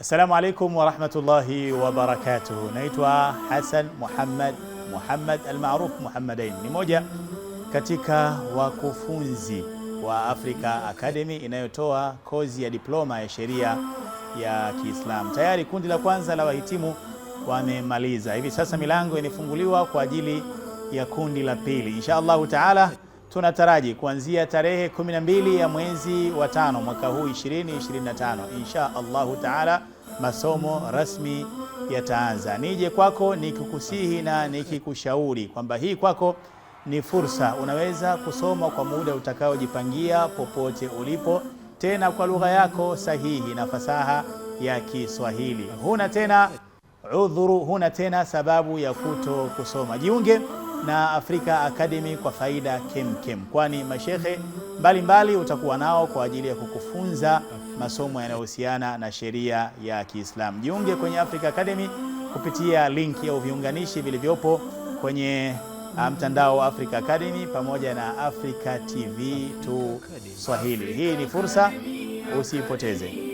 Assalamu alaikum warahmatullahi wabarakatuh. Naitwa Hassan Muhammad Muhammad almaruf Muhammadain, ni moja katika wakufunzi wa Africa Academy inayotoa kozi ya diploma ya sheria ya Kiislamu. Tayari kundi la kwanza la wahitimu wamemaliza, hivi sasa milango imefunguliwa kwa ajili ya kundi la pili insha Allahu taala tunataraji kuanzia tarehe 12 ya mwezi wa tano mwaka huu 2025 insha Allahu taala masomo rasmi yataanza. Nije kwako nikikusihi na nikikushauri kwamba hii kwako ni fursa, unaweza kusoma kwa muda utakaojipangia popote ulipo, tena kwa lugha yako sahihi na fasaha ya Kiswahili. Huna tena udhuru, huna tena sababu ya kuto kusoma. Jiunge na Africa Academy kwa faida kemkem, kwani mashehe mbalimbali utakuwa nao kwa ajili ya kukufunza masomo yanayohusiana na sheria ya Kiislamu. Jiunge kwenye Africa Academy kupitia linki au viunganishi vilivyopo kwenye uh, mtandao wa Africa Academy pamoja na Africa TV tu Swahili. Hii ni fursa, usiipoteze.